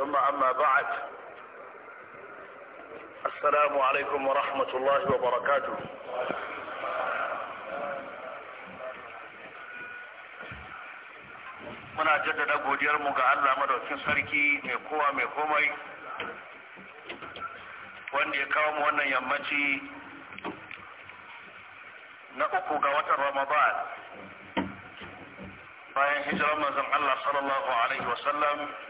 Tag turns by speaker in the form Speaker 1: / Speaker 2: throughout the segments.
Speaker 1: ثم أما بعد السلام عليكم ورحمة الله وبركاته muna jaddada godiyarmu ga Allah madaukin sarki mai kowa mai komai wanda ya kawo mu wannan yammaci na uku ga watan Ramadan bayan hijirar manzon Allah alaihi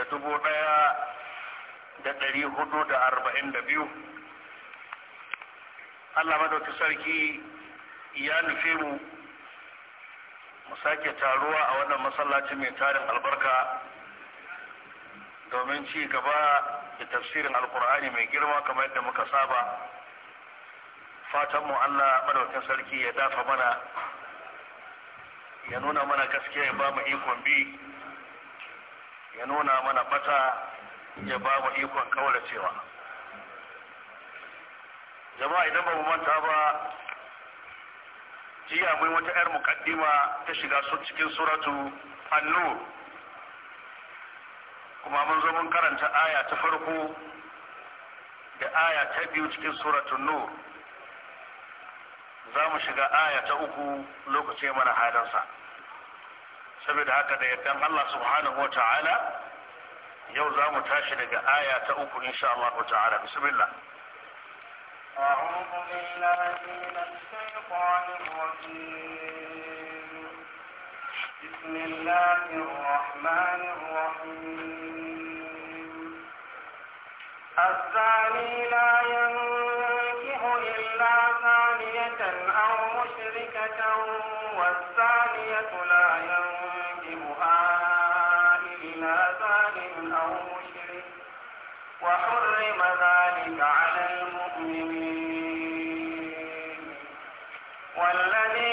Speaker 1: da dubu ɗaya da ɗari hudu da arba'in da biyu Allah madauki sarki ya nufi mu mu sake taruwa a wannan masallaci mai tarin albarka domin ci gaba da tafsirin alkur'ani mai girma kamar yadda muka saba Fatanmu mu Allah madaukin sarki ya dafa mana ya nuna mana gaskiya ya ba mu ikon bi ya nuna mana mata ya ba mu ikon cewa. jama'a idan ba mu manta ba jiya mun wata yar muqaddima ta shiga su cikin suratu annur, kuma mun zo mun karanta aya ta farko da aya ta biyu cikin suratu nur za mu shiga aya ta uku lokacin mana hadansa. saboda haka da yardan Allah subhanahu wata'ala yau za mu tashi daga aya ta uku insha Allah ta'ala bismillah
Speaker 2: أعوذ بالله من الشيطان الرجيم
Speaker 3: بسم الله الرحمن الرحيم
Speaker 2: الزاني لا ينظر الذي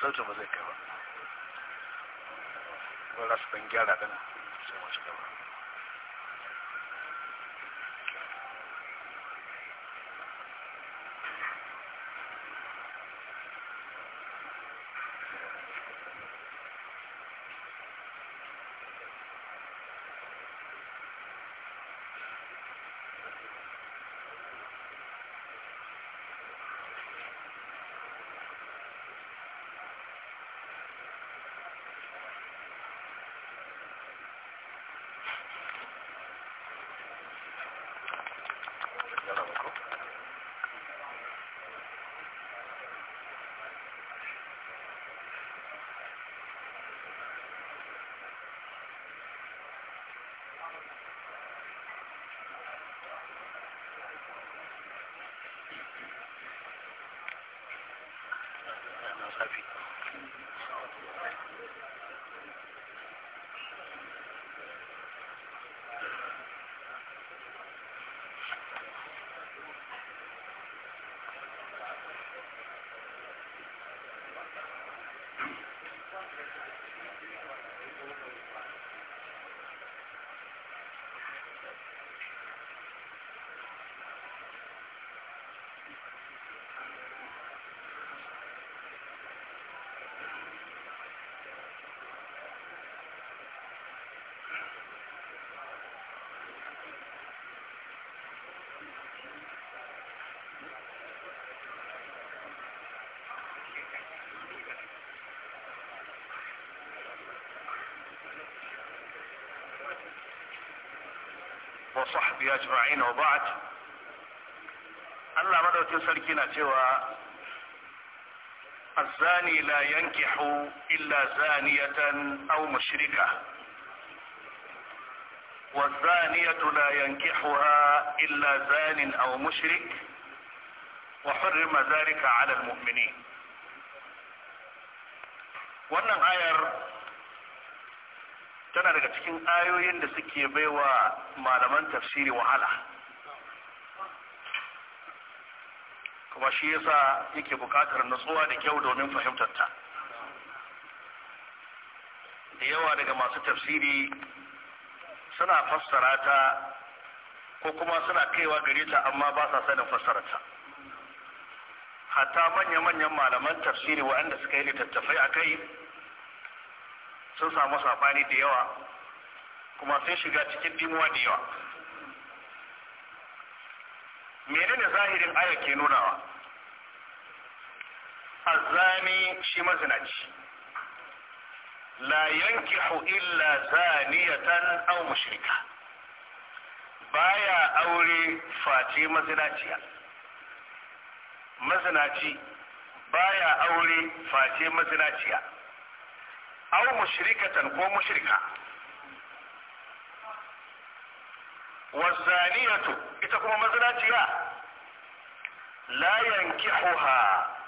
Speaker 1: sautin ba zai kai ba ba za su ban gyara dana وصحبه أجمعين وبعد الله مدوكين سلكينا cewa الزاني لا ينكح إلا زانية أو مشركة والزانية لا ينكحها إلا زان أو مشرك وحرم ذلك على المؤمنين وأن غير tana daga cikin ayoyin da suke baiwa malaman tafsiri wahala kuma shi yasa yake bukatar nutsuwa da kyau domin fahimtar da yawa daga masu tafsiri suna fassara ta ko kuma suna kaiwa gare ta amma ba sa sanin fassararta, ta hatta manya-manyan malaman tafsiri waɗanda suka yi littattafai a kai sun samu sabani da yawa kuma sun shiga cikin dimuwa da yawa menene zahirin ayar ke nunawa azani shi mazinaci la yankihu illa zaniyatan aw mushrika baya aure face mazinaciya mazinaci baya aure face mazinaciya aw mushrikatan ko mushrika wazaniyatu ita kuma mazinaciya la yankihuha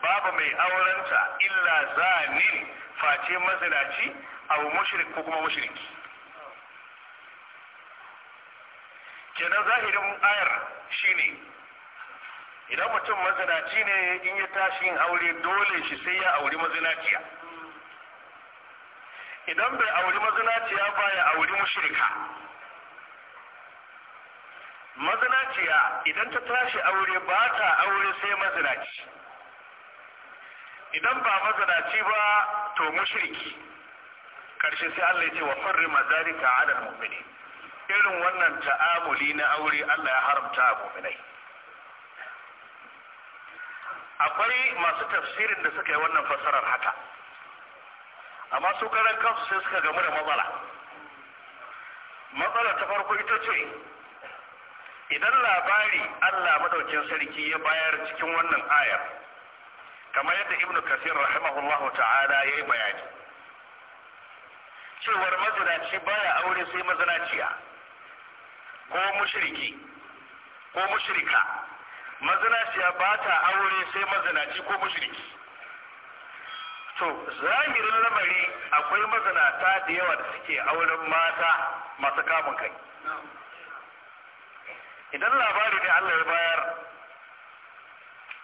Speaker 1: babu mai aurenta illa zanin face mazinaci aw mushrik ko kuma mushriki kenan zahirin ayar shine idan mutum mazinaci ne in ya tashi yin aure dole shi sai ya auri mazinaciya idan bai auri mazinaciya ba ya auri mushirika. mazinaciya idan ta tashi aure ba ta aure sai mazinaci idan ba mazinaci ba to mushriki karshe sai Allah ya ce wa mazari zalika ala mummini irin wannan ta'amuli na aure Allah ya haramta a mummini akwai masu tafsirin da suka yi wannan fassarar haka amma su karan kansu sai suka gamu da matsala matsala ta farko ita ce idan labari Allah madaukin sarki ya bayar cikin wannan ayar kamar yadda ibnu kasir rahimahullahu ta'ala ya yi bayani cewar mazinaci baya aure sai mazinaciya ko mushriki ko mushrika mazinaciya ba ta aure sai mazinaci ko mushriki to zahirin lamari akwai mazanata da yawa da suke auren mata masu kamun kai idan labari ne Allah ya bayar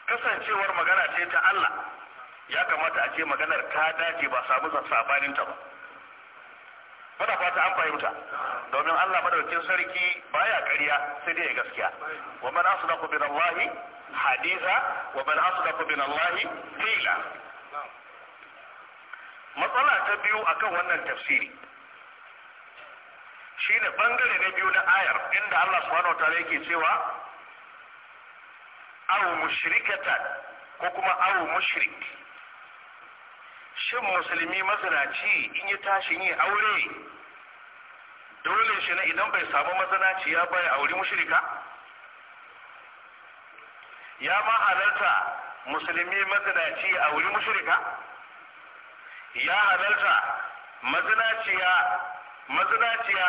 Speaker 1: kasancewar magana ce ta Allah ya kamata a ce maganar ta dace ba samu sabaninta ba muna fata an fahimta domin Allah madaukin sarki baya ƙarya sai dai gaskiya wa man asdaqu bi Allah haditha wa man asdaqu bi Allah qila matsala ta biyu a kan wannan tafsiri shine bangare na biyu na ayar inda Allah subhanahu wataala yake cewa aw mushrikata, ko kuma aw mushrik shin musulmi mazinaci in ya tashi yin aure dole shi na idan bai samu mazinaci ya bai aure mushrika ya ma halarta musulmi mazinaci aure mushrika ya halarta mazinaciya mazinaciya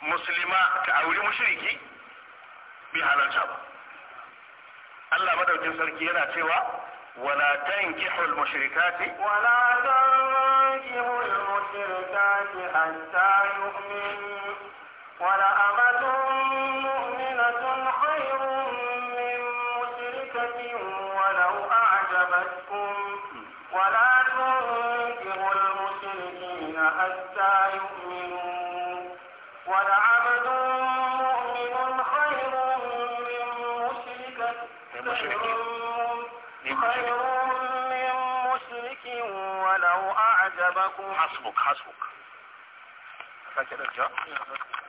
Speaker 1: musulma ta auri mushriki bi halarta ba Allah madaukin sarki yana cewa ولا تنكحوا المشركات
Speaker 2: ولا تنكحوا المشركات حتى يؤمنوا ولأن खास बुखार होगा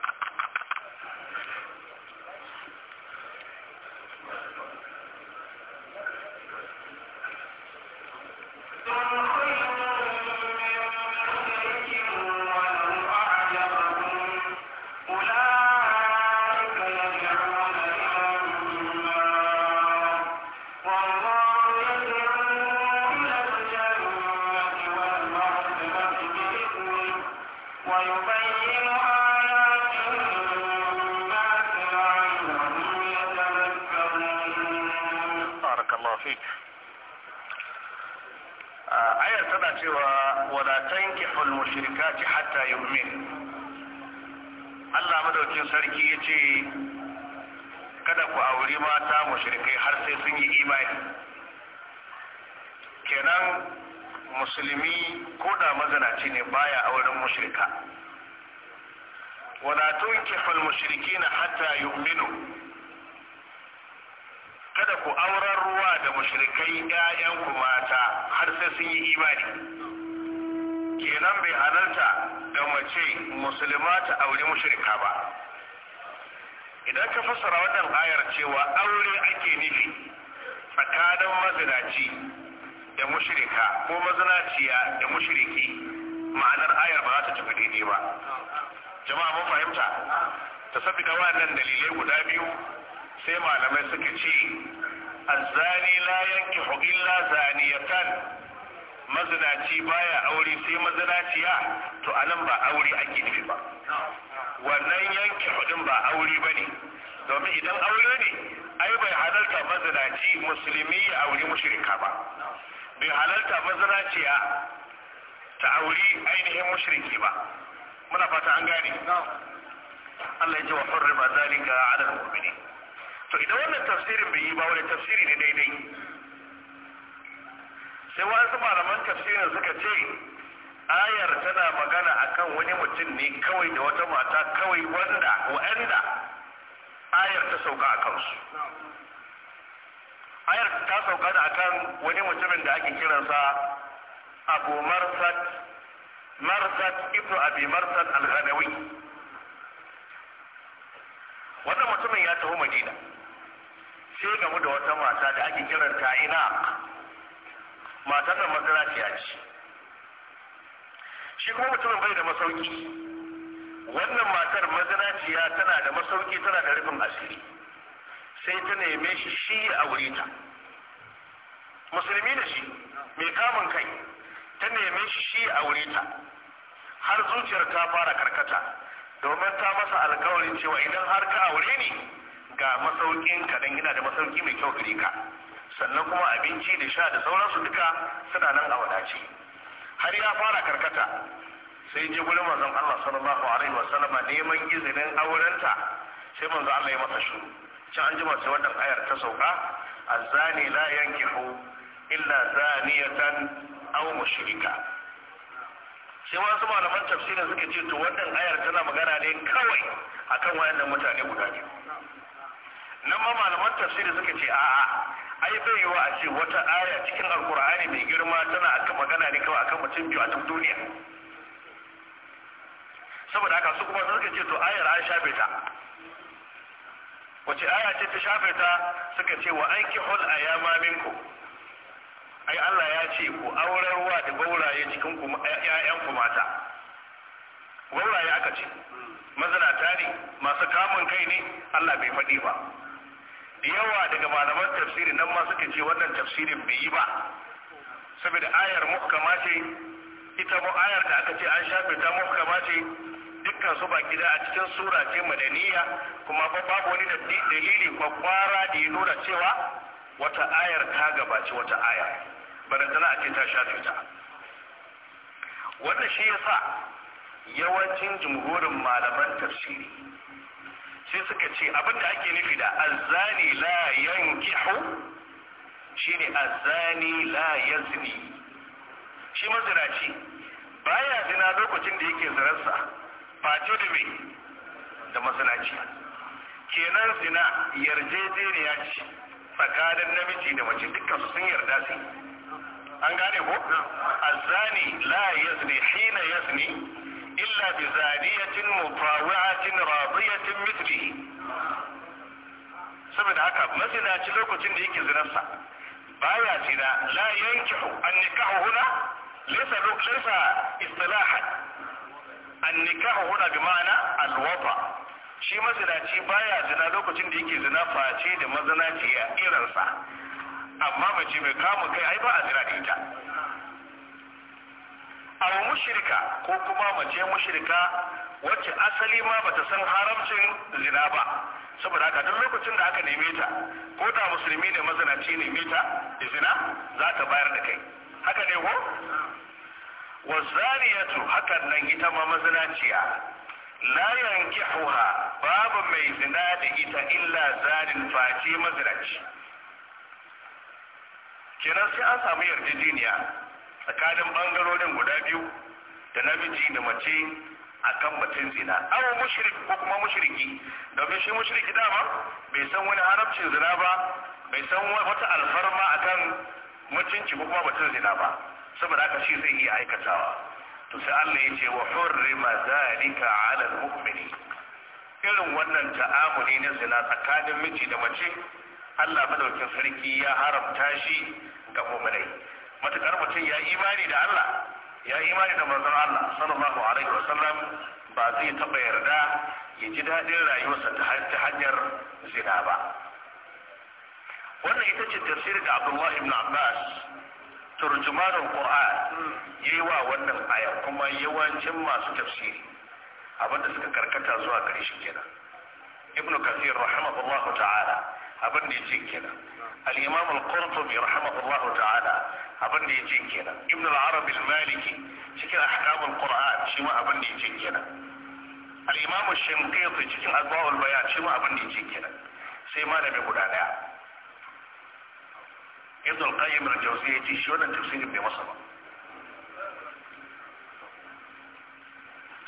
Speaker 1: cewa wala tankihul mushrikati hatta yu'min Allah madaukin sarki yace kada ku auri mata mushrikai har sai sun yi imani kenan musulmi ko da mazanaci ne baya auren mushrika wala tunkihul mushrikina hatta yu'minu kada ku auren ruwa da yayan ku mata har sai sun yi imani kenan bai halarta da mace musulma ta aure mushirika ba idan ka fassara wannan ayar cewa aure ake nufi tsakanin mazinaci da mashirika ko mazinaciya da mashiriki ma'anar ayar ba za ta tafi daidai ba jama'a mun fahimta ta sabbika nan dalilai guda biyu sai malamai suka ce azzani la yankihu illa zaniyatan mazinaci baya aure sai mazinaciya to anan ba aure ake nufi ba wannan yanki hudun ba aure ba ne domin idan aure ne ai bai halarta mazinaci musulmi ya aure mushrika ba bai halarta mazinaciya ta aure ainihin mushriki ba muna fata an gane Allah ya ji wa hurri ba zalika ala al-mu'minin to idan wannan tafsirin bai yi ba wani tafsiri ne daidai sai wasu malaman tafsirin suka ce ayar tana magana akan wani mutum ne kawai da wata mata kawai wanda wa'anda ayar ta sauka a kansu ayar ta sauka da akan wani mutumin da ake kiransa abu marsat marsat ibnu abi marsat al-ghanawi wannan mutumin ya taho madina sai gamu da wata mata da ake kiran ta ina matar da masarafiya ce shi kuma mutumin bai da masauki wannan matar mazinaciya tana da masauki tana da rufin asiri sai ta neme shi shi ya aure ta musulmi da shi mai kamun kai ta neme shi shi ya aure ta har zuciyar ta fara karkata domin ta masa alkawarin cewa idan har ka aure ni ga masaukin ka dan yana da masauki mai kyau gare ka sannan kuma abinci da sha da sauransu duka suna nan a wadace har ya fara karkata sai je gurin manzon Allah sallallahu alaihi wasallama neman izinin aurenta sai manzo Allah ya masa shuru, can an jima sai wannan ayar ta sauka azani la yankihu illa zaniyatan aw mushrika sai wasu malaman tafsirin suka ce to wannan ayar tana magana ne kawai akan wayannan mutane guda biyu nan ma malaman tafsiri suka ce a'a ai bai yiwa a ce wata aya cikin alkur'ani mai girma tana akan magana ne kawai akan mutum biyu a duk duniya saboda haka su kuma suka ce to ayar an shafe ta wace aya ce ta shafe ta suka ce wa an kihul ayama minku ai Allah ya ce ku wa da gauraye cikin ku ƴaƴan ku mata gauraye aka ce mazinata ne masu kamun kai ne Allah bai faɗi ba da yawa daga malaman tafsiri nan ma suka ce wannan tafsirin bai yi ba saboda ayar muhkama ce ita mu ayar da aka ce an shafe ta muhkama ce dukkan su baki da a cikin sura ce madaniya kuma ba babu wani dalili kwakwara da ya nuna cewa wata ayar ta gabaci wata aya barantana a ce ta shafe ta wannan shi yasa yawancin jumhurin malaman tafsiri sai suka ce abinda ake nufi da azani la yankihu shine azani la yazni shi mazinaci baya zina lokacin da yake zinarsa fato da mai da mazinaci kenan zina yarjejeniya ce tsakanin namiji da mace dukkan su sun yarda su an gane ko azani la yazni hina yazni إلا بزانية مطاوعة راضية مثله سبب هكا مثلا تلوك تنديك زنفسه بايا زنا لا ينكح النكاح هنا ليس ليس اصطلاحا النكاح هنا بمعنى الوضع شي مثلا شي بايا زنا لوك تنديك زنفة شي دمزنا تيا إيرنسا أما ما جيبه كامو كي عيبا أزنا ديتا aw mushrika ko kuma mace mushrika wacce asali ma bata san haramcin zina ba saboda haka duk lokacin da aka neme ta ko da musulmi ne ne neme ta zina za ta bayar da kai haka ne ko wa zariyatu hakan nan ita ma mazanaciya la yankihuha babu mai zina da ita illa zarin face mazanaci kenan sai an samu yarjejeniya tsakanin bangarorin guda biyu da namiji da mace akan batun zina awa mushrik ko kuma mushriki domin shi mushriki dama bai san wani harabcin zina ba bai san wata alfarma akan mutunci ko kuma batun zina ba saboda haka shi zai iya aikatawa to sai Allah ya ce wa hurrima zalika ala almu'mini irin wannan ta'amuli na zina tsakanin miji da mace Allah madaukin sarki ya haramta shi ga mu'minai matukar mutum ya imani da Allah ya imani da manzon Allah sallallahu alaihi wa sallam ba zai taba yarda ya ji daɗin rayuwarsa ta hanyar zina ba wannan ita ce tafsir da Abdullahi ibn Abbas turjumanin Qur'an yayi wa wannan aya kuma yawancin masu tafsiri abinda suka karkata zuwa gare shi kenan Ibn Kathir rahimahullahu ta'ala abin da ya ce kenan al-imam al-qurtubi rahimahullahu ta'ala abin da ya ce kenan ibn al-arabi al-maliki cikin ahkam al-qur'an shi ma abin da ya ce kenan al-imam ash-shinqiti cikin adwa al-bayan shi ma abin da ya ce kenan sai malami guda daya ibn al-qayyim al-jawziyya shi wannan tafsirin bai masa ba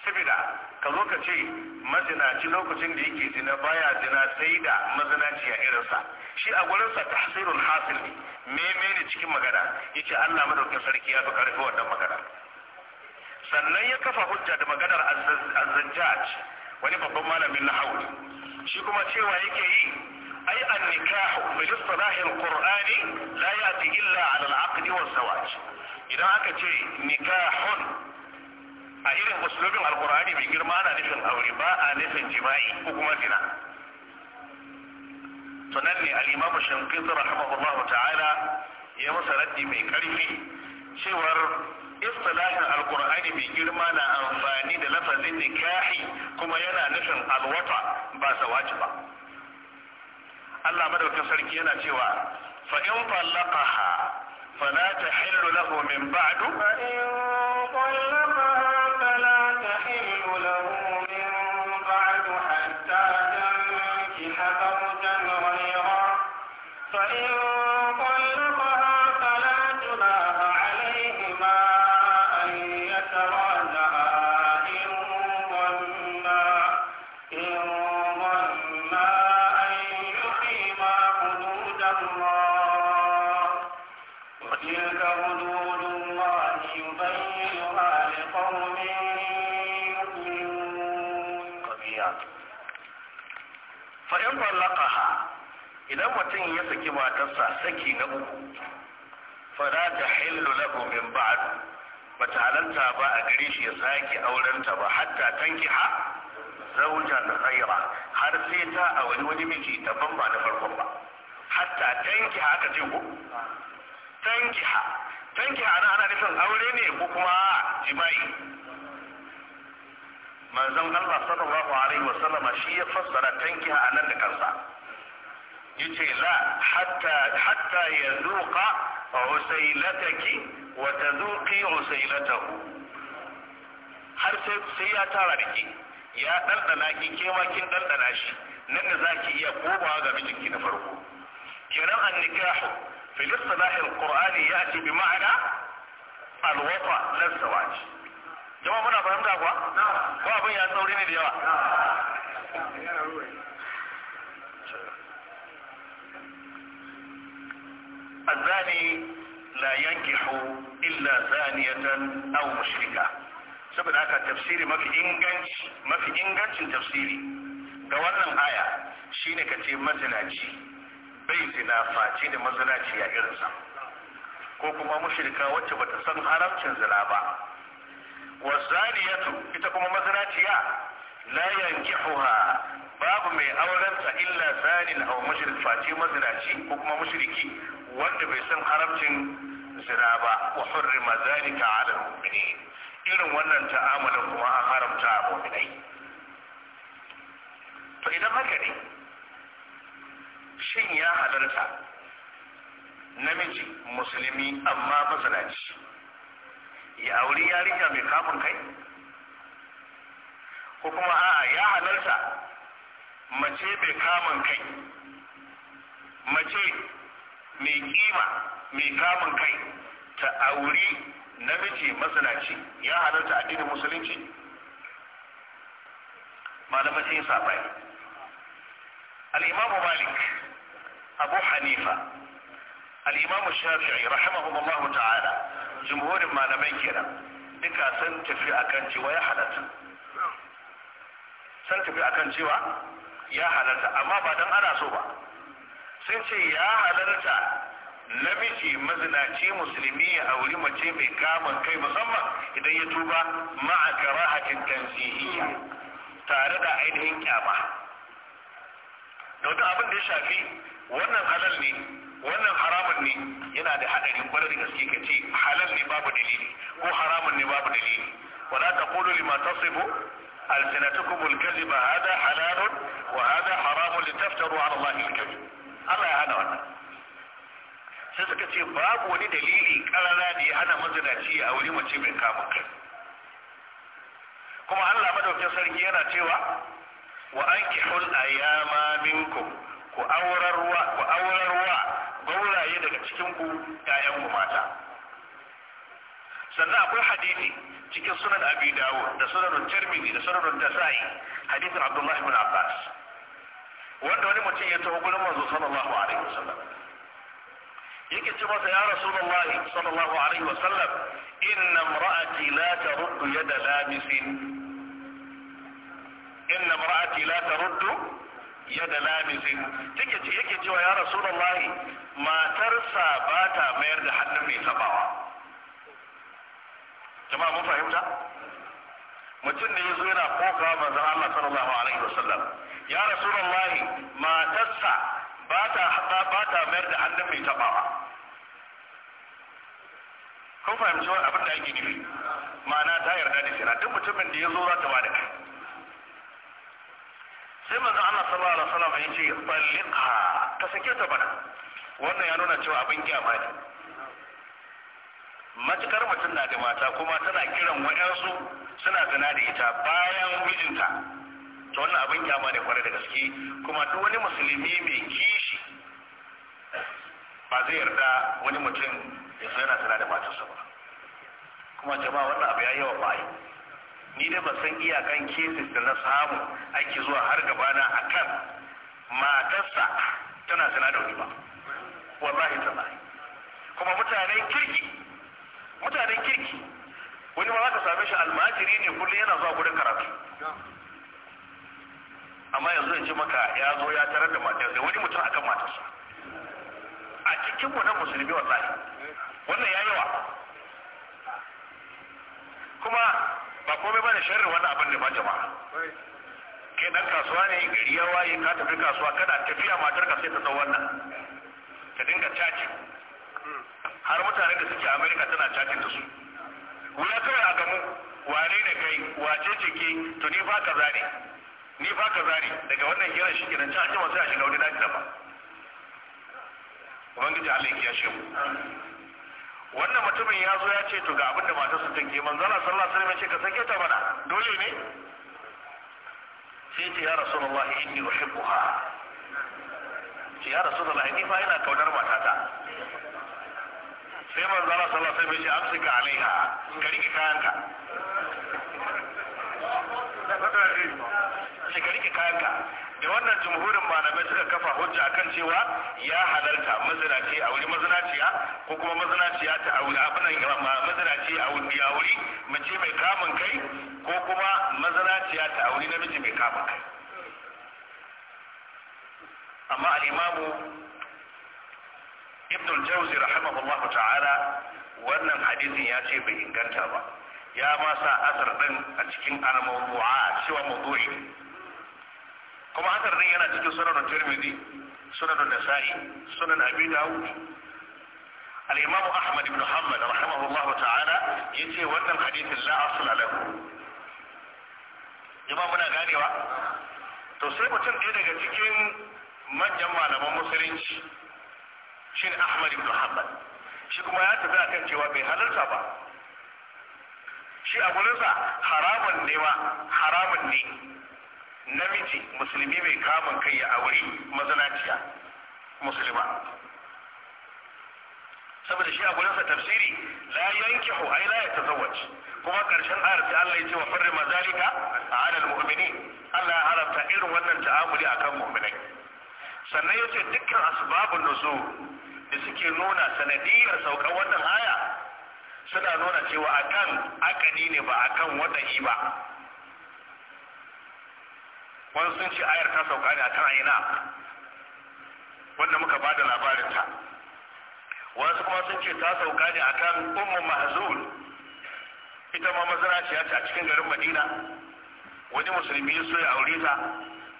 Speaker 1: saboda ka zo ka ce mazinaci lokacin da yake zina baya zina sai da mazinaci a irinsa shi a gurinsa ta hasirun hasil ne meme ne cikin magana yace Allah madaukin sarki ya fi karfi wannan magana sannan ya kafa hujja da maganar azzajjaj wani babban malamin na hauli shi kuma cewa yake yi ai an-nikahu bil istilahi qurani la ya'ti illa 'ala al-'aqdi idan aka ce nikahun a irin usulubin alkur'ani mai girma ana nufin aure ba a nufin jima'i ko kuma zina to nan ne al-imam rahimahullahu ta'ala ya masa raddi mai karfi cewar istilahin alkur'ani mai girma na amfani da lafazin nikahi kuma yana nufin alwata ba sawaci ba Allah madaukakin sarki yana cewa fa in talaqaha fala tahillu lahu min ba'du
Speaker 2: fa in talaqaha
Speaker 3: matarsa na uku
Speaker 1: fara ta hillu lahu min ba'd bata halarta ba a gare shi ya sake aurenta ba hatta tankiha zaujan ghaira har sai ta a wani wani miji daban ba na farkon ba hatta tankiha aka ce ko tankiha ha ana ana nufin aure ne ko kuma jima'i manzon Allah sallallahu alaihi wasallama shi ya fassara tankiha nan da kansa yace la hatta hatta yazuqa usailataki wa tazuqi usailatahu har sai ya tara da ke ya dandana ki ke ma kin dandana shi nan da zaki iya komawa ga ki na farko kiran kenan annikahu fi istilah alqur'ani yati bi ma'ana alwata lan zawaj jama'a muna fahimta kuwa ko abin ya tsauri ne da yawa azani la yankihu illa zaniyatan aw mushrika saboda haka tafsiri mafi inganci mafi ingancin tafsiri ga wannan aya shine kace mazinaci bai zina face da mazinaci ya irinsa ko kuma mushrika wacce bata san haramcin zina ba Wa wazaniyatu ita kuma mazinaciya la yankihuha babu mai aurenta illa zanin aw mushrik face mazinaci ko kuma mushriki wanda bai san haramcin zina ba wa hurrima zalika ala mu'mini irin wannan ta'amalin kuma an haramta a mu'minai to idan haka ne shin ya halarta namiji musulmi amma mazinaci ya auri yarinya mai kamun kai ko kuma a'a ya halarta mace mai kamun kai mace mai kima mai kamun kai ta auri namiji masanaci ya halarta addinin musulunci malamai sun yi sabani
Speaker 3: al-imamu malik abu
Speaker 1: hanifa al-imamu shafi'i rahimahumullahu ta'ala jumhurin malamai kenan duka san tafi akan cewa ya halarta San tafi akan cewa ya halarta amma ba don ana so ba sun ce ya halarta namiji mazinaci musulmi ya auri mace mai kamun kai musamman idan ya tuba ma'a karahatin tansihiyya tare da ainihin kyama da abin da ya shafi wannan halal ne wannan haramun ne yana da haɗarin kwarar da gaske kace halal ne babu dalili ko haramun ne babu dalili wala taqulu lima tasifu alsinatukum alkaziba hada halalun wa hada haramun litaftaru ala allahi alkazib Allah ya hana wannan sai suka ce babu wani dalili karara da ya hana mazinaci a wuri mace mai kamun kai kuma Allah madaukin sarki yana cewa wa an hul ayyama minkum ku aurarwa ku aurarwa gauraye daga cikin ku ƴaƴan ku mata sannan akwai hadisi cikin sunan abi dawud da sunan tirmidhi da sunan nasa'i hadisin abdullahi ibn abbas wanda wani mutum ya taho gurin manzo sallallahu alaihi wasallam yake ce masa ya rasulullahi sallallahu alaihi wasallam inna imra'ati la taruddu yada lamisin inna imra'ati la taruddu yada lamisin take ce yake cewa ya rasulullahi matarsa ba ta mayar da hannun mai tabawa jama'a mun fahimta mutum ne zo yana koka manzon Allah sallallahu alaihi wasallam ya rasulullahi matarsa ba ta ba ta mayar da hannun mai tabawa kun fahimci wani abin da ake nufi
Speaker 3: ma'ana ta yarda da shira duk mutumin da ya zo za ta ba da kai
Speaker 1: sai manzo Allah sallallahu alaihi wasallam ya ce balliqa ka sake ta bana wannan ya nuna cewa abin kiyama ne matukar mutum na da mata kuma tana kiran wayansu suna zina da ita bayan mijinta to wannan abin kyama ne kwarai da gaske kuma duk wani musulmi mai kishi ba zai yarda wani mutum ya zo yana zina da matarsa ba kuma jama'a wannan abu ya yawa wa yi ni dai ban san iyakan kesis da na samu ake zuwa har gabana akan matarsa tana zina da wani ba wallahi tallahi kuma mutanen kirki mutanen kirki wani ba za ka same shi almajiri ne kullum yana zuwa gudun karatu amma yanzu in ce maka ya zo ya tarar da matar da wani mutum akan matarsa a cikin mu na musulmi wallahi wannan ya yawa kuma
Speaker 3: ba komai ba da sharri wannan abin da ba jama'a
Speaker 1: kai dan kasuwa ne gari ya waye ka tafi kasuwa kana tafiya matar ka sai ta zo wannan ta dinga caci har mutane da suke amerika tana cakin da su wuya kawai a gamu wane ne kai wace ce to ni fa kaza ne ni fa kaza ne daga wannan hira shi kenan can jima sai a shiga wani daji daban ubangiji Allah ya kiyashe mu wannan mutumin ya zo ya ce to ga abin da matar su tanke man sallallahu sallah wasallam ya ce ka sake ta mana dole ne
Speaker 3: sai ce ya rasulullahi inni uhibbuha
Speaker 1: ce ya rasulullahi ni fa
Speaker 3: ina kaunar matata sai manzo zara sallallahu alaihi wasallam ya ce amsika alaiha
Speaker 1: ka rike kayanka ce ka rike kayanka da wannan jumhurin malamai suka kafa hujja akan cewa ya halarta mazinaci a wuri mazinaciya ko kuma mazinaciya ta a wuri abinan mazinaci a wuri ya wuri mace mai kamun kai ko kuma mazinaciya ta a wuri namiji mai kamun kai amma al'imamu ibn al-jawzi rahimahullah ta'ala wannan hadisin ya ce bai inganta ba ya ma sa asar din a cikin al-mawdu'a cewa mawdu'i kuma asar din yana cikin sunan tirmidhi sunan nasa'i sunan abi dawud al-imam ahmad ibn hanbal rahimahullah ta'ala yace wannan hadisin la asla lahu jama'a muna ganewa to sai mutum ɗaya daga cikin manyan malaman musulunci shi ne ahmad ibn hanbal shi kuma ya tafi akan cewa bai halarta ba shi a gurinsa haramun ne ma haramun ne namiji musulmi mai kamun kai ya aure mazanaciya musulma saboda shi a gurinsa tafsiri la yankihu ai la yatazawwaj kuma karshen ayar sai Allah ya ce wa farri mazalika ala almu'minin Allah ya haramta irin wannan ta'amuli akan mu'minai sannan ya ce dukkan asbabun nuzul da suke nuna sanadiyar saukar wannan aya suna nuna cewa akan akani ne ba akan wadahi ba wani sun ce ayar ta sauka ne a kan aina wanda muka bada labarinta wasu kuma sun ce ta sauka ne akan umar mahazul ita ma ya ce a cikin garin madina wani musulmi ya so ya aure ta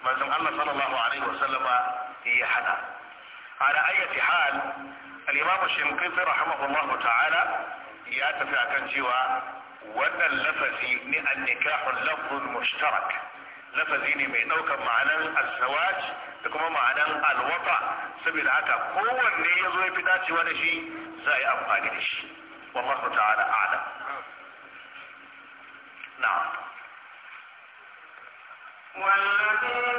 Speaker 1: manzon Allah sallallahu alaihi wasallama ya hada على أي حال الإمام الشنقيطي رحمه الله تعالى يأتفع كنجوى وأن اللفزي من النكاح اللفظ المشترك لفزي من أوكا معنى الزواج كما معنى الوطا سبيل هكا هو اللي يزوي في ذاتي ونشي زي أبقاليش والله تعالى أعلم
Speaker 3: نعم والذين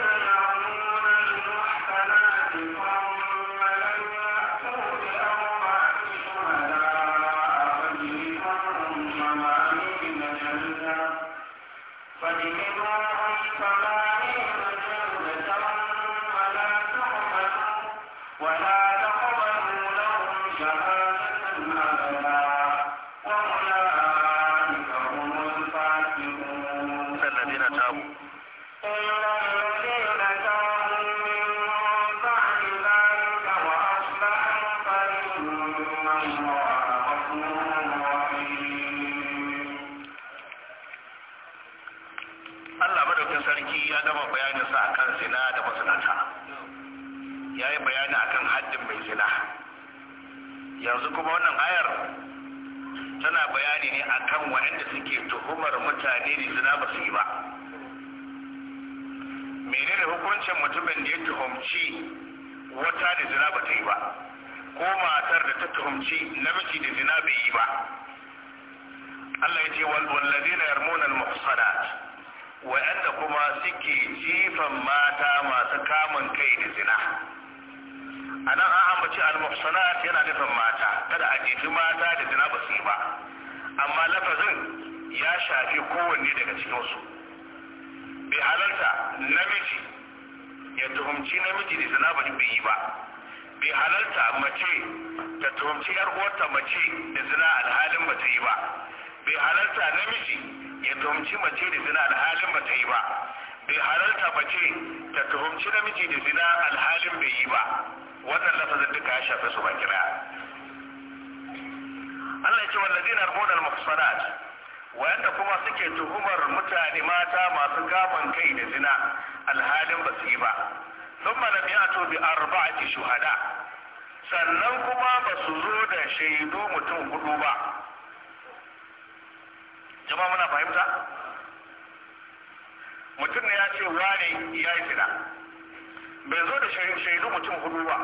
Speaker 1: mutane ne ba su yi ba menene hukuncin mutumin da ya tuhumci wata da zina ba ta yi ba ko matar da ta tuhumci namiji da zina bai yi ba Allah ya ce wallazina yarmuna al-muhsanat wa'anda kuma suke jifan mata masu kamun kai da zina a nan an ambaci al-muhsanat yana nufin mata kada a jefi mata da zina ba su yi ba amma lafazin ya shafi kowanne daga cikinsu bai halarta namiji ya tuhumci namiji da zina ba bai yi ba bai halarta mace ta tuhumci yar uwarta mace da zina alhalin ba ta yi ba bai halarta namiji ya tuhumci mace da zina alhalin ba ta yi ba bai halarta mace ta tuhumci namiji da zina alhalin bai yi ba wannan lafazin duka ya su ba kira Allah ya ce wallazina arbuna al-muhsanat wanda kuma suke tuhumar mutane mata masu gaban kai da zina alhalin ba su yi ba sun mana biya to bi arba'ati shuhada sannan kuma ba su zo da shaidu mutum hudu ba Jama muna fahimta mutum ne ya ce wane ya yi zina bai zo da shaidu mutum hudu ba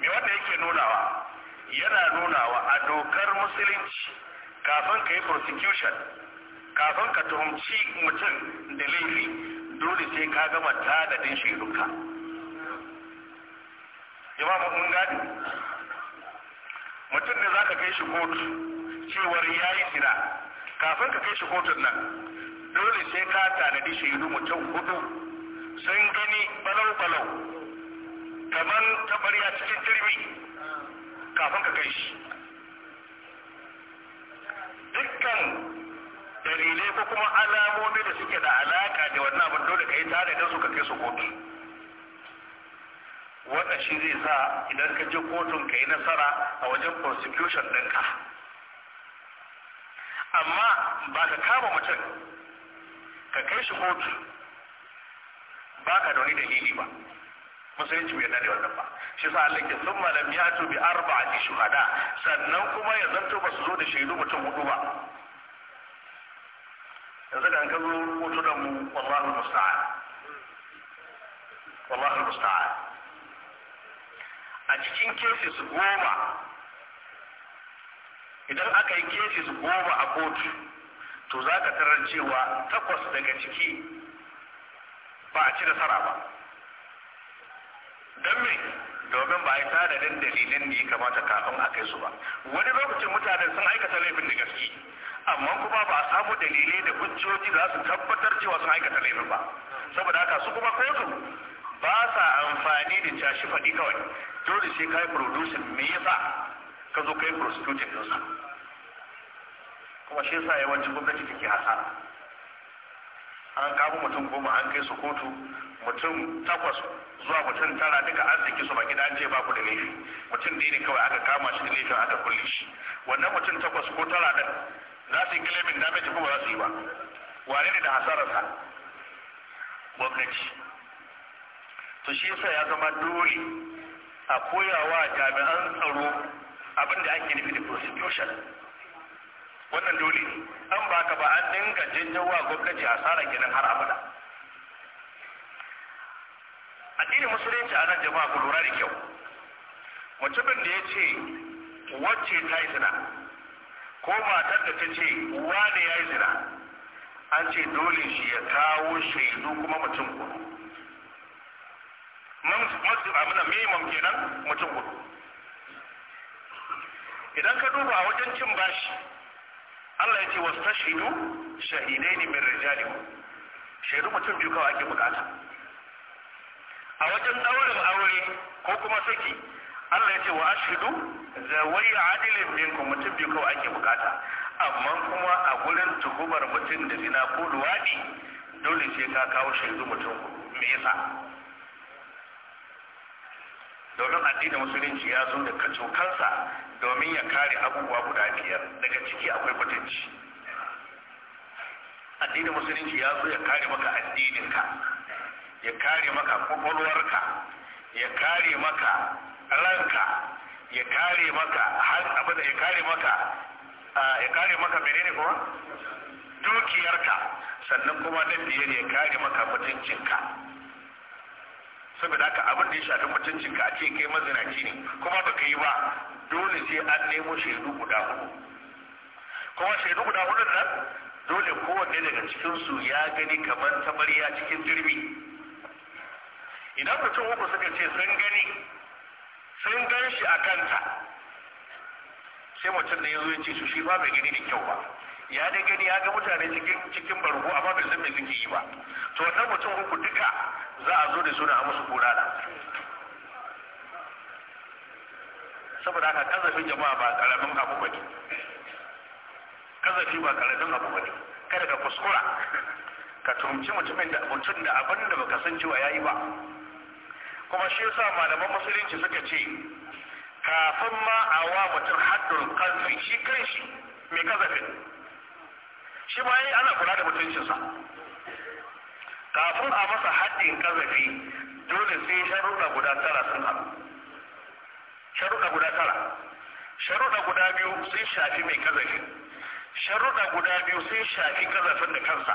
Speaker 1: me wanda yake nunawa yana nunawa a dokar musulunci kafin ka yi prosecution kafin ka tuhumci mutum da laifi dole sai ka gama tadadin shaiduka jama'a mun gadi? mutum ne za ka kai shi kotu cewar ya yi sina kafin ka kai shi kotun nan dole sai ka tanadi shaidu mutum hudu sun gani balau-balau kamar tabariya cikin jirgi kafin ka kai shi dukkan dalilai ko kuma alamomi da suke da alaka da wannan abin dole ka yi tare da su ka kai su kotu wanda shi zai sa idan ka je kotun ka yi nasara a wajen prosecution ɗinka amma ba ka kama mutum ka kai shi kotu ba ka da wani dalili ba musulunci bai da wannan ba shi sa Allah ke sun malam ya to bi arba'ati shuhada sannan kuma ya zanto ba su zo da shaidu mutum hudu ba yanzu da an ka zo hoto da mu wallahi musta'an wallahi musta'an a cikin cases goma idan aka yi cases goma a kotu to za ka tarar cewa takwas daga ciki ba a ci nasara ba don me domin ba ya tanadin dalilin da ya kamata kafin a kai su ba wani lokacin mutanen sun aikata laifin da gaske amma kuma ba a samu dalilai da hujjoji za su tabbatar cewa sun aikata laifin ba saboda haka su kuma kotu ba sa amfani da cashi faɗi kawai dole sai kai producing me yasa ka zo kai prostituting ɗinsa kuma shi yasa yawancin gwamnati take hasara an kama mutum goma an kai su kotu mutum takwas zuwa mutum tara duka an saki su baki da an ce ba ku da laifi mutum da ne kawai aka kama shi da laifin aka kulle shi wannan mutum takwas ko tara din za su yi kilimin damage ta ba za su yi ba wane ne da hasararsa gwamnati to shi yasa ya zama dole a koyawa jami'an tsaro abin da ake nufi da prosecution wannan dole an ba ka ba an dinga janjawa gwamnati tsara ginin har abada addinin musulunci a nan jama'a ku lura da kyau mutumin da ya ce wacce ta yi zina ko matar da ta ce da ya yi zina an ce dole shi ya kawo shaidu kuma mutum kudu abin mimam kenan mutum kudu idan ka duba a wajen cin bashi Allah ya ce wasu wastashhidu shahidaini min rijalikum shaidu mutum biyu kawai ake bukata a wajen daurin aure ko kuma saki Allah ya ce wa ashidu zawai adilin ku mutum biyu kawai ake bukata amma kuma a gurin tuhumar mutum da zina ko duwadi dole sai ka kawo shaidu mutum me yasa domin addinin musulunci ya zo da kacokansa domin ya kare abubuwa guda biyar daga ciki akwai kwatanci addinin musulunci ya zo ya kare maka addininka ya kare maka kwakwalwarka ya kare maka ranka ya kare maka har abin da ya kare maka ya kare maka menene kuma dukiyarka sannan kuma na biyar ya kare maka mutuncinka saboda haka abin da ya shafi mutuncin ka a ce kai mazinaci ne kuma ba ka yi ba dole sai an nemo shaidu guda hudu kuma shaidu guda hudun nan dole kowanne daga cikinsu ya gani kamar tamariya cikin jirbi idan mutum uku suka ce sun gani sun gan shi a kanta sai mutum da ya zo ya ce su shi ba bai gani da kyau ba ya dai gani ya ga mutane cikin cikin bargo amma bai san me suke yi ba to wannan mutum uku duka za a zo da su da a musu bulala saboda haka kazafin jama'a ba karamin abu bane kazafi ba karamin abu bane kada ka kuskura ka tumci mutumin da mutum da abin da baka san cewa yayi ba kuma shi yasa malaman musulunci suka ce kafin ma a wa mutum haddun kalfi shi kanshi mai kazafin shi ma yi ana kula da mutuncinsa kafin a masa haddin kazafi dole sai sharuɗa guda tara sun haɗu sharuɗa guda tara sharuɗa guda biyu sun shafi mai kazafi sharuɗa guda biyu sun shafi kazafin da kansa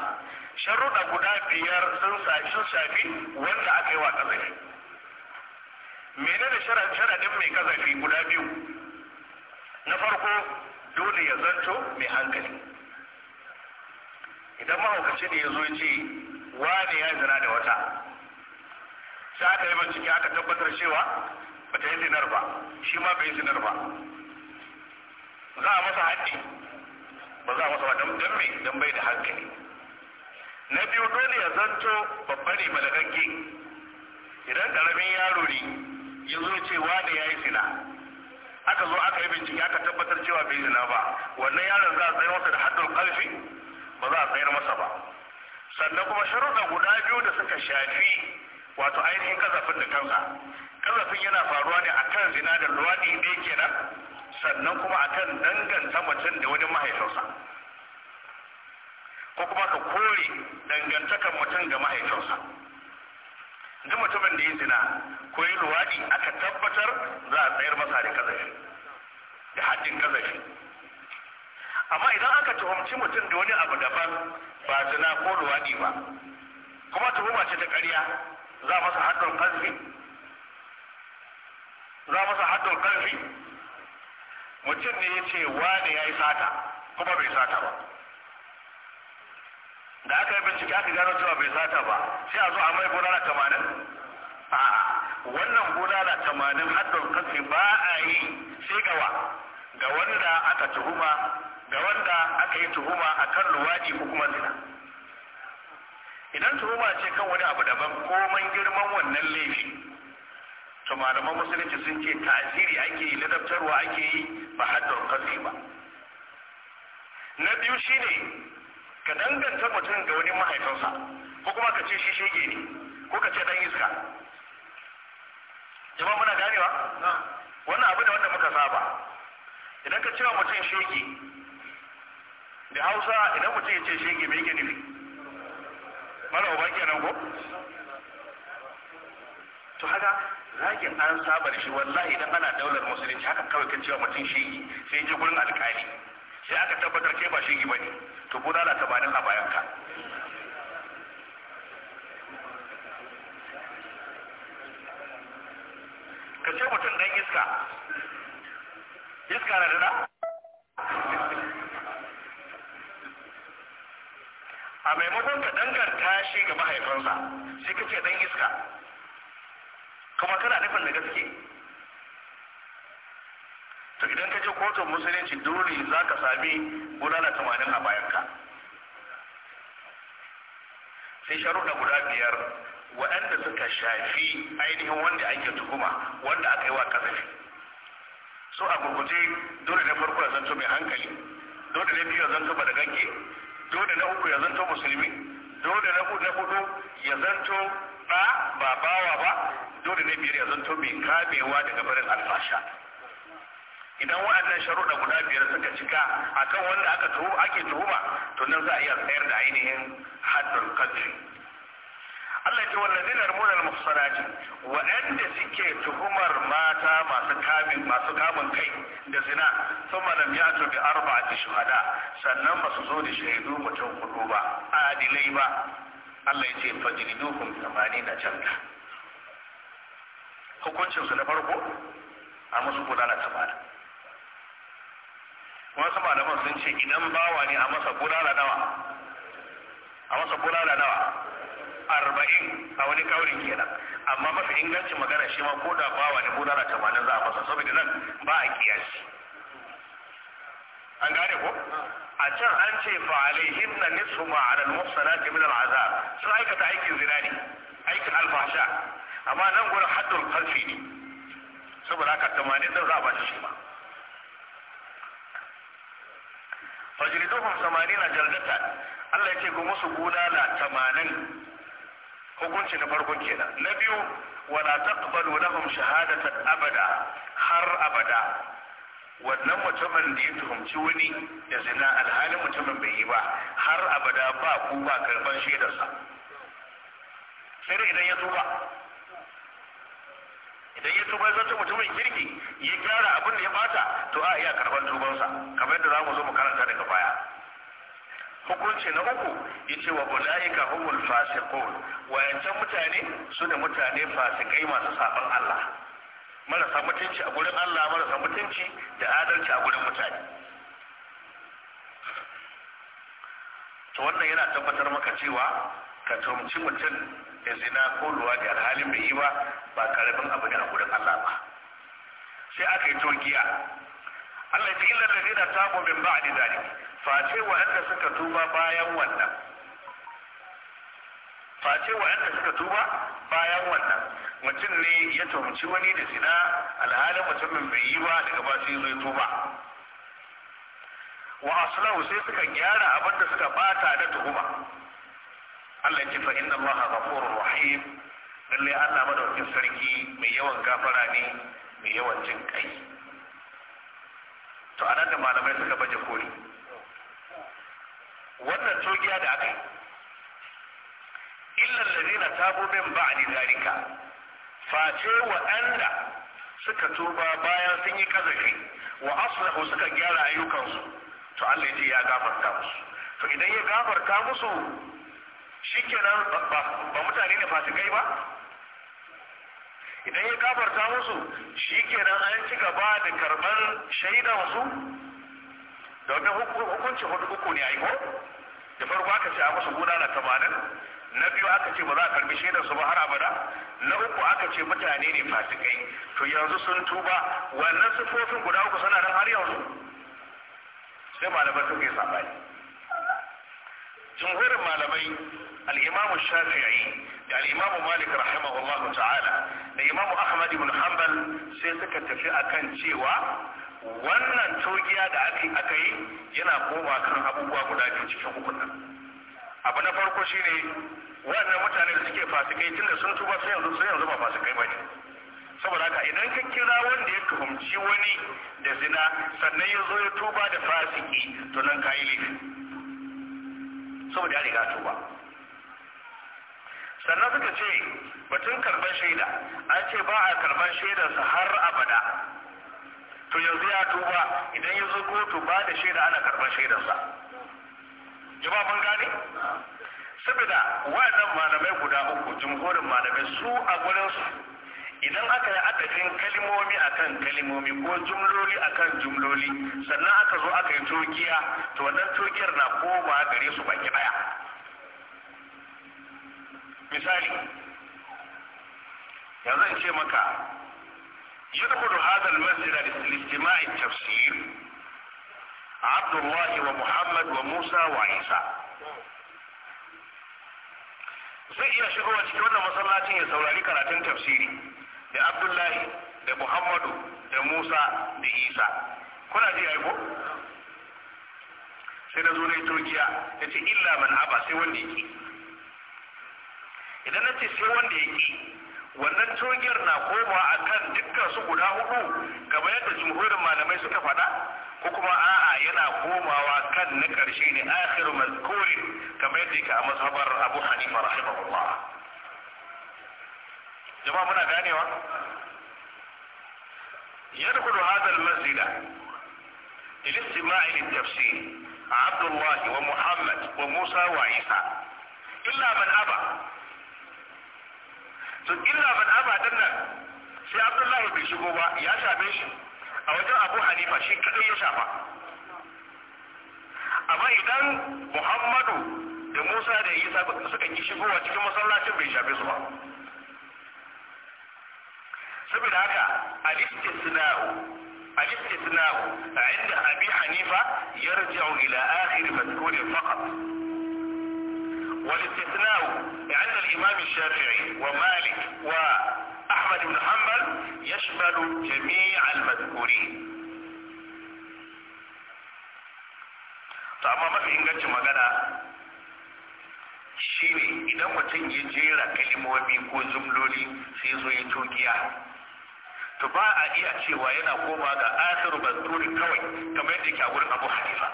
Speaker 1: sharuɗa guda biyar sun shafi wanda aka yi wa kazafi menene sharaɗin mai kazafi guda biyu na farko dole ya zanto mai hankali idan mahaukaci ne ya zo ya ce wane ya zina da wata sai aka yi bincike aka tabbatar cewa ba ta yi zinar ba shi ma bai yi zinar ba za a masa haɗi ba za a masa ba don mai don bai da hankali na biyu dole ya zanto babba ne balagagge idan ƙaramin yaro ne ya zo ce wane ya yi zina aka zo aka yi bincike aka tabbatar cewa bai zina ba wannan yaron za a tsaye masa da haɗin ƙarfi ba za a tsayar masa ba sannan kuma sharuɗa guda biyu da suka shafi wato ainihin kazafin da kansa kazafin yana faruwa ne akan zina da luwaɗi ne kenan sannan kuma akan danganta mutum da wani mahaifinsa ko kuma ka kore dangantakan mutum ga mahaifinsa duk mutumin da ya zina ko yi luwaɗi aka tabbatar za a tsayar masa da kazafi da haddin kazafi amma idan aka tuhumci mutum da wani abu daban ba zina ko ruwaɗi ba kuma tuhuma ce ta ƙarya za masa haddon ƙarfi za masa haddon ƙarfi mutum ne ya ce wane ya yi sata kuma bai sata ba da aka yi bincike aka gano cewa bai sata ba sai a zo a mai gudana tamanin a'a wannan gudana tamanin haddon ƙarfi ba a yi sai gawa ga wanda aka tuhuma ga wanda aka yi tuhuma a kan luwaɗi ko kuma zina idan tuhuma ce kan wani abu daban komai girman wannan laifi to malaman musulunci sun ce tasiri ake yi ladabtarwa ake yi ba haddar kasi ba na biyu shine ka danganta mutum ga wani mahaifinsa
Speaker 3: ko kuma ka ce shi shege ne
Speaker 1: ko ka ce dan iska jama muna ganewa wannan abu da wanda muka saba idan ka cewa mutum shege da hausa idan mutum ya ce shege mai yake nufi mara uba kenan ko to haka zagin an saba da shi wallahi idan ana daular musulunci haka kawai kan cewa mutum shi sai je gurin alkali sai aka tabbatar ke ba shege bane to bulala tabanin a bayanka
Speaker 3: ka ce mutum dan iska iska na da
Speaker 1: a maimakon ka danganta shi ga mahaifinsa sai ka ce dan iska kuma kana nufin da gaske to idan ka je kotun musulunci dole za ka sami gudana tamanin a bayanka sai sharuɗa guda biyar waɗanda suka shafi ainihin wanda ake tuhuma wanda aka yi wa kasafi so a gurguje dole na farko ya zanto mai hankali dole na biyu ya zanto ba da ganke dole na uku ya zanto musulmi dole na na hudu ya zanto ba bawa ba dole na biyar ya zanto mai kamewa daga barin alfasha idan waɗannan sharuɗa guda biyar suka cika akan wanda aka tuhu ake tuhuma to nan za a iya tsayar da ainihin haddul kadri Allah ce wallazina yarmuna al-muhsanati waɗanda suke tuhumar mata masu kamin masu kamun kai da zina thumma lam yatu bi arba'ati shuhada sannan ba su zo da shaidu mutum hudu ba adilai ba Allah ya ce tamani 80 canta hukuncin su na farko a musu gudana ta bada wasu malaman sun ce idan bawa ne a masa gudana nawa a masa gudana nawa arba'in a wani kaurin kenan amma mafi ingancin magana shi ma ko da bawa da budala tamanin za a fasa saboda nan ba a kiyashi an gane ko a can an ce fa alaihim na nisfu ma ala al na min al aza sun aikata aikin zina ne aikin alfasha amma nan gurin haddul qalfi ne saboda haka tamanin da za a ba shi ma samani samanina jaldatan Allah ya ce ku musu gudana tamanin hukunci na farko kenan na biyu wala taqbalu lahum shahadatan abada har abada wannan mutumin da ya tuhumci wani da zina alhalin mutumin bai yi ba har abada ba ku ba karban shaidarsa sai idan ya tuba idan ya tuba zai mutumin kirki ya gyara abin da ya bata to a iya karban tubansa kamar yadda za mu zo mu karanta daga baya hukunci na uku yace wa ulaika humul fasiqun wayancan mutane su da mutane fasikai masu saban Allah marasa mutunci a gurin Allah marasa mutunci da adalci a gurin mutane to wannan yana tabbatar maka cewa ka tumci mutum da zina ko luwadi alhalin bai yi ba ba karamin abu ne a gurin Allah ba sai aka yi tokiya Allah ya ce illa ladina tabo min ba'adi zalimi face waɗanda suka tuba bayan wannan face suka tuba bayan wannan mutum ne ya tuhumci wani da zina alhalin mutumin bai yi ba daga ba sai zai tuba wa aslahu sai suka gyara abin da suka bata da tuhuma Allah ya ce fa inna Allah ghafurur rahim lalle Allah madaukin sarki mai yawan gafara ne mai yawan jin kai to anan da malamai suka baje koli wannan togiya da aka yi da zina tabo min a nizarika face waɗanda suka tuba bayan sun yi kazafi wa aslahu suka gyara ayyukansu to Allah ya ya gafarta musu to idan ya gafarta musu shikenan ba mutane ne fasikai ba idan ya gafarta musu shikenan an ci gaba da karban shaidansu domin hukunci hudu uku ne a yi ko. da farko aka ce a musu na tamanin na biyu aka ce ba za a karbi shaidar su ba har abada na uku aka ce mutane ne fasikai to yanzu sun tuba wannan sifofin guda uku suna nan har yanzu sai malamai sun kai sabani jumhurin malamai al'imamu imamu shafi'i da al'imamu malik rahimahullahu ta'ala da imamu ahmad ibn hanbal sai suka tafi akan cewa wannan togiya da aka yi yana koma kan abubuwa guda biyu cikin hukunan. abu na farko shine wannan mutane da suke fasikai tunda sun tuba sai yanzu sai yanzu ba fasikai ba ne saboda haka idan ka kira wanda ya tuhumci wani da zina sannan ya zo ya tuba da fasiki to nan ka yi laifi saboda ya riga tuba sannan suka ce batun karban shaida an ce ba a karban shaidarsa har abada to yanzu ya tuba idan ya zo kotu ba da shaida ana karɓar shaidarsa jama'a mun gane saboda waɗannan malamai guda uku jumhurin malamai su a gurinsu idan aka yi adadin kalimomi akan kalimomi ko jumloli akan jumloli sannan aka zo aka yi tokiya to wannan tokiyar na koma gare su baki daya misali yanzu in ce maka
Speaker 3: يدخل هذا المسجد
Speaker 1: لاستماع التفسير عبد الله ومحمد وموسى وعيسى zai iya shigowa cikin wannan masallacin ya saurari karatun tafsiri da abdullahi da muhammadu da musa da isa kuna ji aiko sai na zo na turkiya ya ce illa man haba sai wanda ya ki idan na ce sai wanda ya ki suna koma akan dukkan su guda hudu kamar yadda jumhurin malamai suka fada ko kuma a'a yana komawa kan na karshe ne akhiru mazkuri kamar yadda yake a mazhabar Abu Hanifa rahimahullah jama'a muna ganewa يدخل هذا المسجد للاستماع للتفسير عبد الله ومحمد وموسى وعيسى إلا من أبى to illa man abadan dannan sai abdullahi bai shigo ba ya shafe shi a wajen abu hanifa shi kadai ya shafa amma idan muhammadu da musa da isa suka yi a cikin masallacin bai shafe su ba saboda haka al-istisna'u al-istisna'u inda abi hanifa yarji'u ila akhir mazkurin faqat والاستثناء عند الإمام الشافعي ومالك وأحمد بن حنبل يشمل جميع المذكورين amma mafi ingancin magana shine idan mutum ya jera kalimomi ko jumloli sai zo ya tokiya to ba a iya cewa yana koma ga asir banturi kawai kamar yadda yake a gurin abu hanifa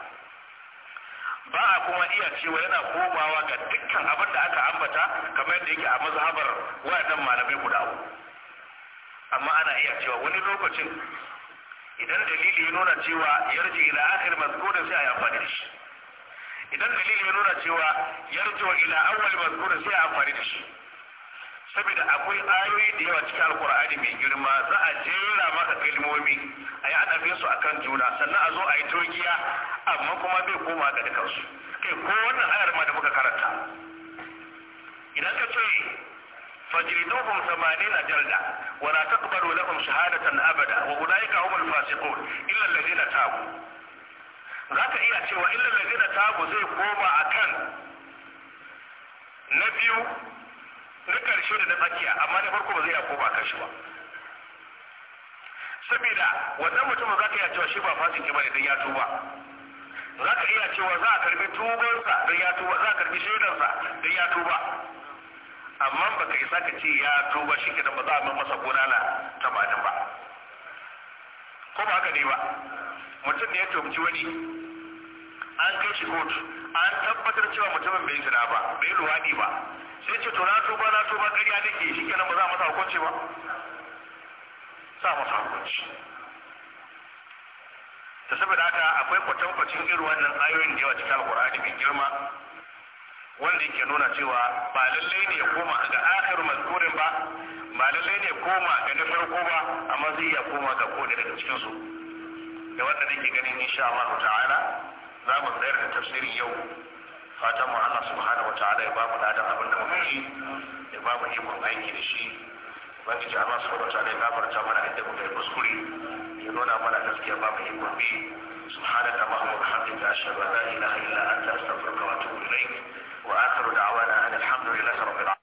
Speaker 1: ba a kuma iya cewa yana komawa ga dukkan abin da aka ambata kamar yadda yake a mazhabar waɗannan malamai guda uku amma ana iya cewa wani lokacin
Speaker 3: idan dalili ya nuna cewa yarji ila akhir mazkurin sai a yi amfani da shi idan dalili ya nuna cewa yarji ila awwal mazkurin sai a amfani da shi
Speaker 1: saboda akwai ayoyi da yawa cikin alkur'ani mai girma za a jera maka kalmomi a yi adabi su a kan juna sannan a zo a yi togiya amma kuma bai koma ga dukansu kai ko wannan ayar ma da muka karanta idan ka ce fajridohum thamanina jalda wa la taqbalu lahum shahadatan abada wa ulaika hum alfasiqun illa alladhina tabu
Speaker 3: za ka iya cewa illa alladhina tabu zai koma
Speaker 1: akan na biyu na ƙarshe da na tsakiya amma na farko ba zai yako ba kan shi ba saboda wannan mutumin za ka iya cewa shi ba fasin ba ne don ya tuba za ka iya cewa za a karbi tubansa don ya tuba za a karbi shaidarsa don ya tuba amma ba ka isa ka ce ya tuba shi kenan ba za a min masa gonana tamanin ba ko ba haka ne ba mutum ne ya tumci wani an kai shi kotu an tabbatar cewa mutumin bai zina ba bai luwaɗi ba sai ce to na tuba na tuba ƙarya nake shi kenan ba za masa hukunci ba za masa hukunci ta saboda haka akwai kwatankwacin irin wannan ayoyin da yawa cikin alkur'ani mai girma wanda yake nuna cewa ba lallai ne ya koma ga akhir mazkurin ba ba lallai ne ya koma ga na farko ba amma zai iya koma ga da daga cikin su da wanda nake ganin insha Allah ta'ala za mu tsayar da tafsirin yau fatan mu Allah subhanahu wataala ya ba mu ladan abin da muka yi ya ba mu ikon aiki da shi ubangiji Allah subhanahu wataala ya gafarta mana inda muka yi kuskure ya nuna mana gaskiya ba mu ikon bi سبحانك اللهم وبحمدك أشهد أن لا إله إلا أنت أستغفرك وأتوب إليك وآخر دعوانا أن الحمد لله رب العالمين